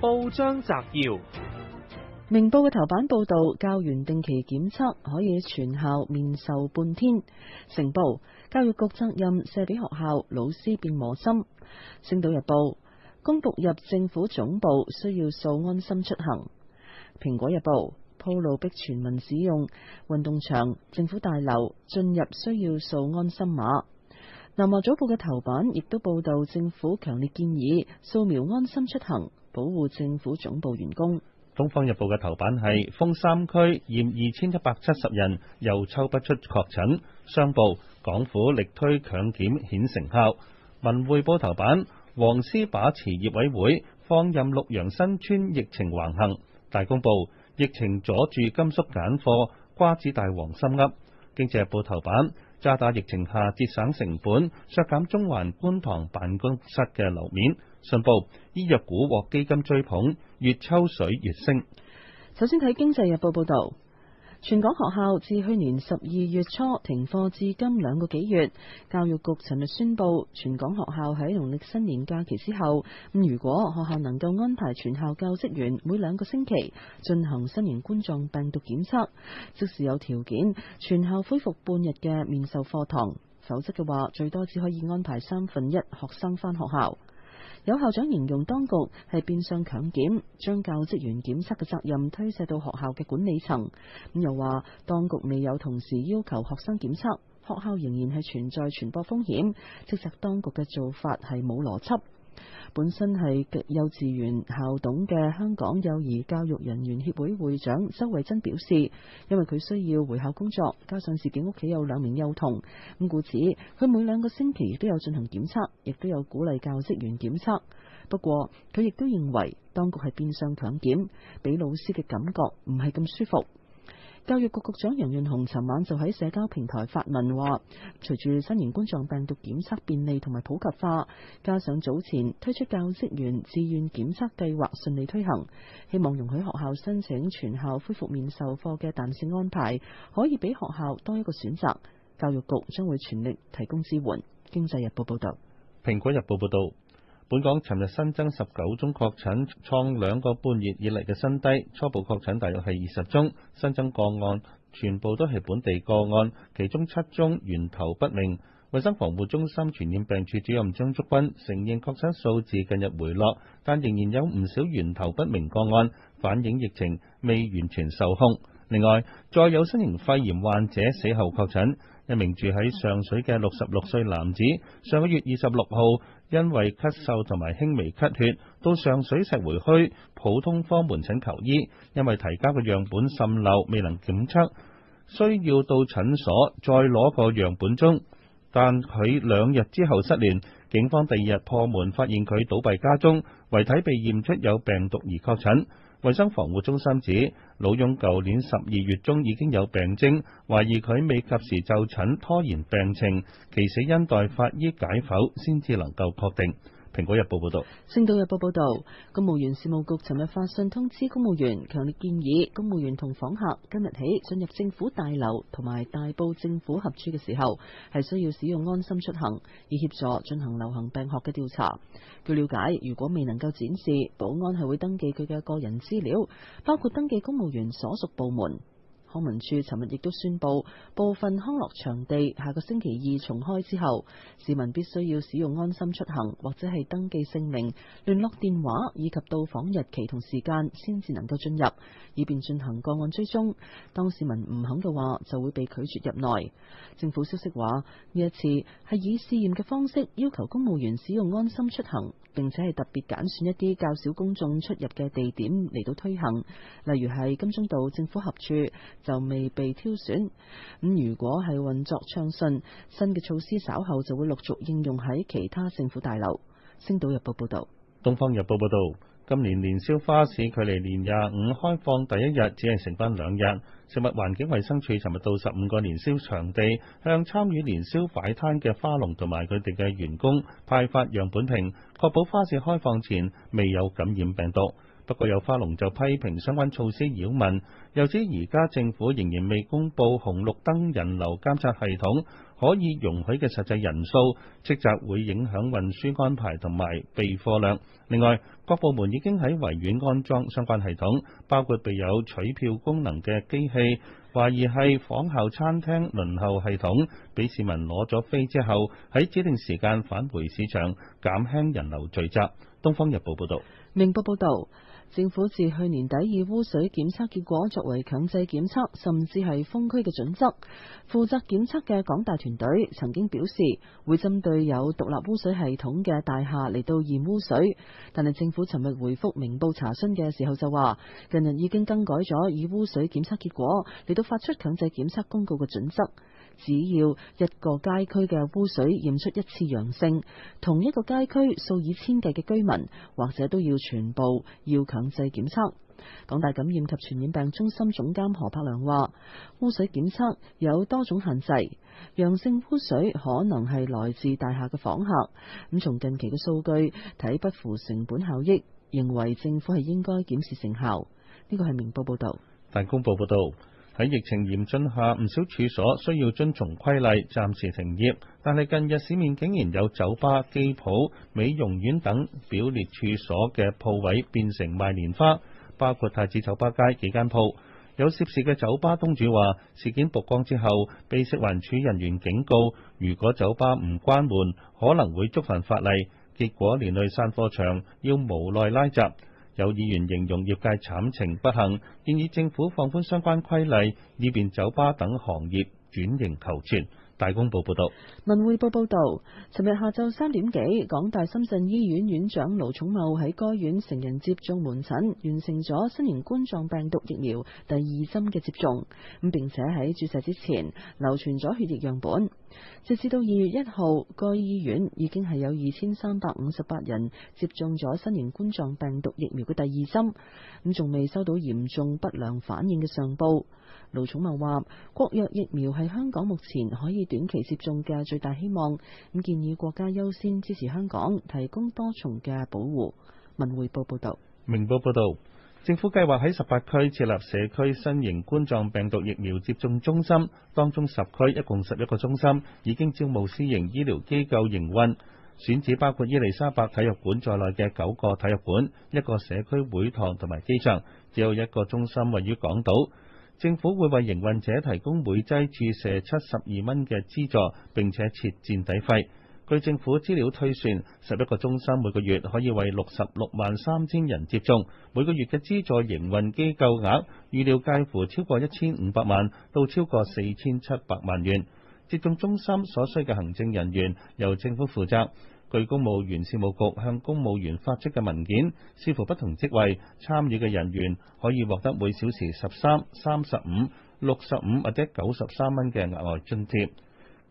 報章摘要：明報嘅頭版報道，教員定期檢測可以全校面授半天。成報教育局責任，卸畀學校老師變磨心。星島日報公僕入政府總部需要掃安心出行。蘋果日報鋪路逼全民使用運動場、政府大樓進入需要掃安心碼。南華早報嘅頭版亦都報道，政府強烈建議掃描安心出行。保護政府總部員工。東方日報嘅頭版係封三區驗二千一百七十人，又抽不出確診。商報：港府力推強檢顯成效。文匯報頭版：黃絲把持業委會，放任綠楊新村疫情橫行。大公報：疫情阻住甘肅揀貨，瓜子大王心噏。經濟日報頭版：渣打疫情下節省成本，削減中環觀塘辦公室嘅樓面。信報醫藥股獲基金追捧，越抽水越升。首先睇經濟日報報道，全港學校自去年十二月初停課至今兩個幾月，教育局尋日宣布，全港學校喺農曆新年假期之後，咁如果學校能夠安排全校教職員每兩個星期進行新型冠狀病毒檢測，即使有條件，全校恢復半日嘅面授課堂，否則嘅話最多只可以安排三分一學生返學校。有校長形容當局係變相強檢，將教職員檢測嘅責任推卸到學校嘅管理層。咁又話當局未有同時要求學生檢測，學校仍然係存在傳播風險，指責當局嘅做法係冇邏輯。本身係幼稚園校董嘅香港幼兒教育人員協會會長周慧珍表示，因為佢需要回校工作，加上自己屋企有兩名幼童，咁故此佢每兩個星期都有進行檢測，亦都有鼓勵教職員檢測。不過佢亦都認為當局係變相強檢，俾老師嘅感覺唔係咁舒服。教育局局長楊潤雄尋晚就喺社交平台發文話，隨住新型冠狀病毒檢測便利同埋普及化，加上早前推出教職員自願檢測計劃順利推行，希望容許學校申請全校恢復面授課嘅彈性安排，可以俾學校多一個選擇。教育局將會全力提供支援。經濟日報報道。蘋果日報報道。本港尋日新增十九宗確診，創兩個半月以嚟嘅新低。初步確診大約係二十宗，新增個案全部都係本地個案，其中七宗源頭不明。衛生防護中心傳染病處主任張竹君承認確診數字近日回落，但仍然有唔少源頭不明個案，反映疫情未完全受控。另外，再有新型肺炎患者死後確診。一名住喺上水嘅六十六歲男子，上個月二十六號因為咳嗽同埋輕微咳血，到上水石湖墟普通科門診求醫，因為提交嘅樣本滲漏未能檢測，需要到診所再攞個樣本中，但佢兩日之後失聯，警方第二日破門發現佢倒斃家中，遺體被驗出有病毒而確診。衛生防護中心指，老翁舊年十二月中已經有病徵，懷疑佢未及時就診，拖延病情，其死因待法醫解剖先至能夠確定。蘋果日報報道，星島日報報道，公務員事務局尋日發信通知公務員，強烈建議公務員同訪客今日起進入政府大樓同埋大埔政府合署嘅時候，係需要使用安心出行，以協助進行流行病學嘅調查。據了解，如果未能夠展示，保安係會登記佢嘅個人資料，包括登記公務員所屬部門。康文署尋日亦都宣佈，部分康樂場地下個星期二重開之後，市民必須要使用安心出行或者係登記姓名、聯絡電話以及到訪日期同時間，先至能夠進入，以便進行個案追蹤。當市民唔肯嘅話，就會被拒絕入內。政府消息話，呢一次係以試驗嘅方式要求公務員使用安心出行。並且係特別揀選一啲較少公眾出入嘅地點嚟到推行，例如係金鐘道政府合署就未被挑選。咁如果係運作暢順，新嘅措施稍後就會陸續應用喺其他政府大樓。星島日報報道。東方日報報道。今年年宵花市距離年廿五開放第一日只係剩翻兩日。食物環境衛生署尋日到十五個年宵場地，向參與年宵擺攤嘅花農同埋佢哋嘅員工派發樣本瓶，確保花市開放前未有感染病毒。不過，有花龍就批評相關措施擾民。又指而家政府仍然未公布紅綠燈人流監測系統可以容許嘅實際人數，積集會影響運輸安排同埋備貨量。另外，各部門已經喺維園安裝相關系統，包括備有取票功能嘅機器，懷疑係仿效餐廳輪候系統，俾市民攞咗飛之後喺指定時間返回市場，減輕人流聚集。《東方日報》報道。《明報》報導。政府自去年底以污水檢測結果作為強制檢測，甚至係封區嘅準則。負責檢測嘅港大團隊曾經表示，會針對有獨立污水系統嘅大廈嚟到驗污水，但係政府尋日回復明報查詢嘅時候就話，近日已經更改咗以污水檢測結果嚟到發出強制檢測公告嘅準則。只要一個街區嘅污水驗出一次陽性，同一個街區數以千計嘅居民或者都要全部要強制檢測。港大感染及傳染病中心總監何柏良話，污水檢測有多種限制，陽性污水可能係來自大廈嘅訪客。咁從近期嘅數據睇，不符成本效益，認為政府係應該檢視成效。呢個係明報報道，辦公報報道。喺疫情嚴峻下，唔少處所需要遵從規例，暫時停業。但係近日市面竟然有酒吧、機鋪、美容院等表列處所嘅鋪位變成賣年花，包括太子酒吧街幾間鋪。有涉事嘅酒吧東主話，事件曝光之後，被食環署人員警告，如果酒吧唔關門，可能會觸犯法例。結果連累散貨場要無奈拉閘。有議員形容業界慘情不幸，建議政府放寬相關規例，以便酒吧等行業轉型求存。大公報報道：「文匯報報道，尋日下晝三點幾，港大深圳醫院院長盧寵茂喺該院成人接種門診，完成咗新型冠狀病毒疫苗第二針嘅接種，咁並且喺注射之前留存咗血液樣本。直至到二月一號，該醫院已經係有二千三百五十八人接種咗新型冠狀病毒疫苗嘅第二針，咁仲未收到嚴重不良反應嘅上報。盧寵茂話：國藥疫苗係香港目前可以短期接種嘅最大希望，咁建議國家優先支持香港提供多重嘅保護。文匯報報道。明報報道。政府計劃喺十八區設立社區新型冠狀病毒疫苗接種中心，當中十區一共十一個中心已經招募私營醫療機構營運。選址包括伊麗莎白體育館在內嘅九個體育館、一個社區會堂同埋機場，只有一個中心位於港島。政府會為營運者提供每劑注射七十二蚊嘅資助，並且設墊底費。據政府資料推算，十一個中心每個月可以為六十六萬三千人接種，每個月嘅資助營運機構額預料介乎超過一千五百萬到超過四千七百萬元。接種中心所需嘅行政人員由政府負責。據公務員事務局向公務員發出嘅文件，視乎不同職位參與嘅人員，可以獲得每小時十三、三十五、六十五或者九十三蚊嘅額外津貼。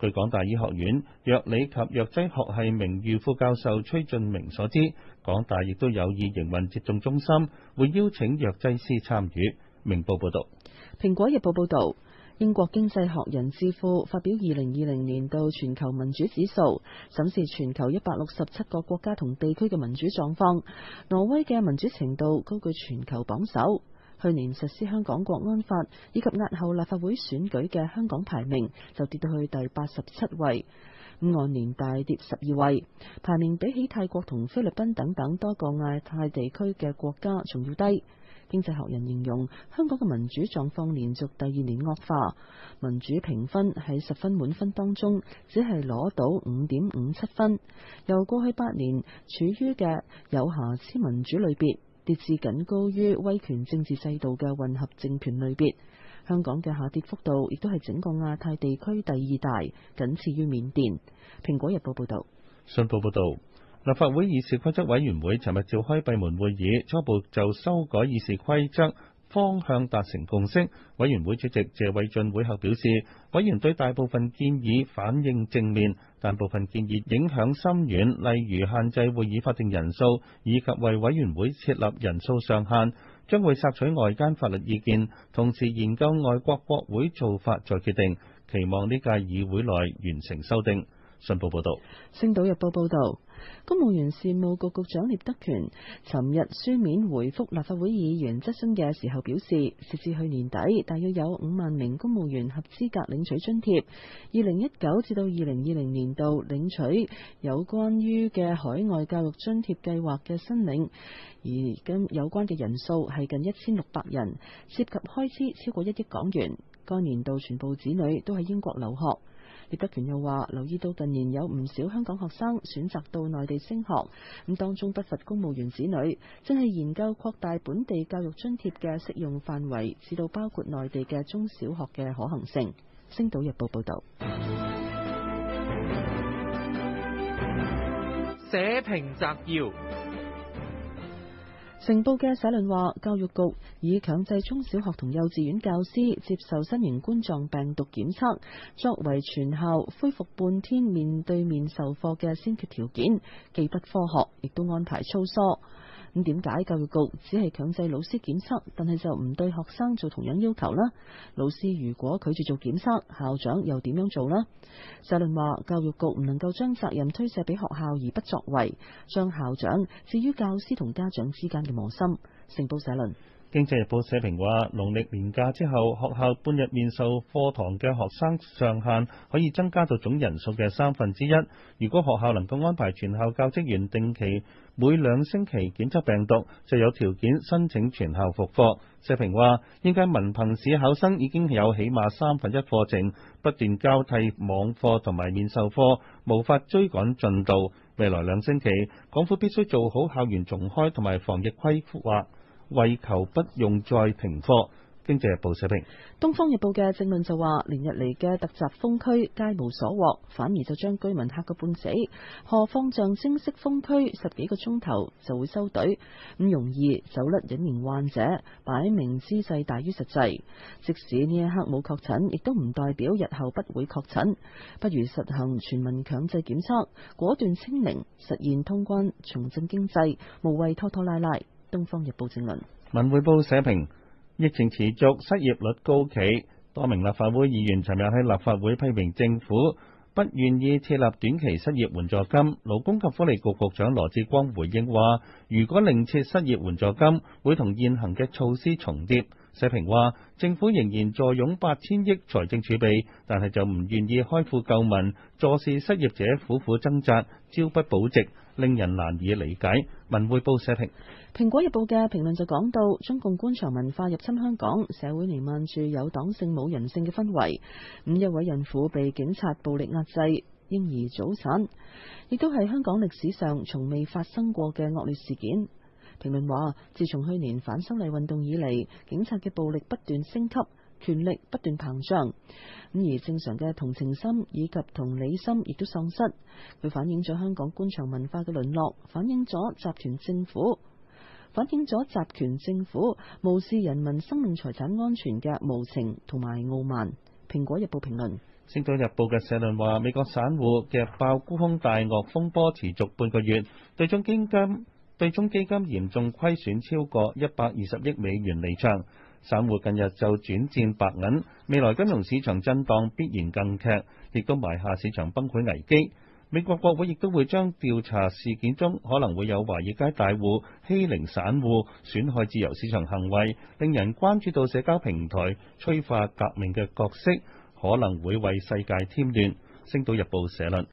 據港大醫學院藥理及藥劑學系名譽副教授崔俊明所知，港大亦都有意營運接種中心，會邀請藥劑師參與。明報報道，蘋果日報報道，英國經濟學人智庫發表二零二零年度全球民主指數，審視全球一百六十七個國家同地區嘅民主狀況。挪威嘅民主程度高居全球榜首。去年實施香港國安法以及押後立法會選舉嘅香港排名就跌到去第八十七位，按年大跌十二位，排名比起泰國同菲律賓等等多個亞太地區嘅國家仲要低。經濟學人形容香港嘅民主狀況連續第二年惡化，民主評分喺十分滿分當中只係攞到五點五七分，由過去八年處於嘅有瑕疵民主類別。跌至僅高於威權政治制度嘅混合政權類別，香港嘅下跌幅度亦都係整個亞太地區第二大，僅次於緬甸。《蘋果日報》報道，《信報》報道，立法會議事規則委員會尋日召開閉門會議，初步就修改議事規則方向達成共識。委員會主席謝偉俊會後表示，委員對大部分建議反應正面，但部分建議影響深遠，例如限制會議法定人數以及為委員會設立人數上限，將會索取外間法律意見，同時研究外國國會做法再決定。期望呢屆議會內完成修訂。新報報導，《星島日報》報導，公務員事務局局長聶德權尋日書面回覆立法會議員質詢嘅時候表示，截至去年底，大約有五萬名公務員合資格領取津貼。二零一九至到二零二零年度領取有關於嘅海外教育津貼計劃嘅申領，而今有關嘅人數係近一千六百人，涉及開支超過一億港元。該年度全部子女都喺英國留學。聶德權又話：留意到近年有唔少香港學生選擇到內地升學，咁當中不乏公務員子女，正係研究擴大本地教育津貼嘅適用範圍，至到包括內地嘅中小學嘅可行性。星島日報報道。社評摘要。成報嘅社論話，教育局以強制中小學同幼稚園教師接受新型冠狀病毒檢測，作為全校恢復半天面對面授課嘅先決條件，既不科學，亦都安排粗疏。咁點解教育局只係強制老師檢測，但係就唔對學生做同樣要求啦？老師如果拒絕做檢測，校長又點樣做呢？社論話，教育局唔能夠將責任推卸俾學校而不作為，將校長置於教師同家長之間嘅磨心。成報社論。《經濟日報》社評話，農曆年假之後，學校半日面授課堂嘅學生上限可以增加到總人數嘅三分之一。如果學校能夠安排全校教職員定期，每兩星期檢測病毒就有條件申請全校復課。社評話，應屆文憑試考生已經有起碼三分一課程不斷交替網課同埋面授課，無法追趕進度。未來兩星期，港府必須做好校園重開同埋防疫規劃，話為求不用再停課。《經濟日報》社評，《東方日報》嘅正論就話：連日嚟嘅突襲封區皆無所獲，反而就將居民嚇個半死。何況像升式封區十幾個鐘頭就會收隊，咁容易走甩隱形患者，擺明姿勢大於實際。即使呢一刻冇確診，亦都唔代表日後不會確診。不如實行全民強制檢測，果斷清零，實現通關，重振經濟，無謂拖拖拉拉。《東方日報》正論，《文匯報》社評。疫情持續，失業率高企，多名立法會議員尋日喺立法會批評政府不願意設立短期失業援助金。勞工及福利局局長羅志光回應話：如果另設失業援助金，會同現行嘅措施重疊。社評話，政府仍然坐擁八千億財政儲備，但係就唔願意開庫救民，坐視失業者苦苦掙扎，朝不保夕。令人難以理解。文匯報社評，蘋果日報嘅評論就講到，中共官場文化入侵香港社會，瀰漫住有黨性冇人性嘅氛圍。五一位孕婦被警察暴力壓制，嬰兒早產，亦都係香港歷史上從未發生過嘅惡劣事件。評論話，自從去年反修例運動以嚟，警察嘅暴力不斷升級。權力不斷膨脹，而正常嘅同情心以及同理心亦都喪失。佢反映咗香港官場文化嘅淪落，反映咗集團政府，反映咗集團政府無視人民生命財產安全嘅無情同埋傲慢。蘋果日報評論。《星島日報》嘅社論話：美國散戶嘅爆沽空大鱷風波持續半個月，對沖基金對沖基金嚴重虧損超過一百二十億美元離場。散戶近日就轉戰白銀，未來金融市場震盪必然更劇，亦都埋下市場崩潰危機。美國國會亦都會將調查事件中可能會有華爾街大戶欺凌散戶、損害自由市場行為，令人關注到社交平台催化革命嘅角色，可能會為世界添亂。《星島日報》社論。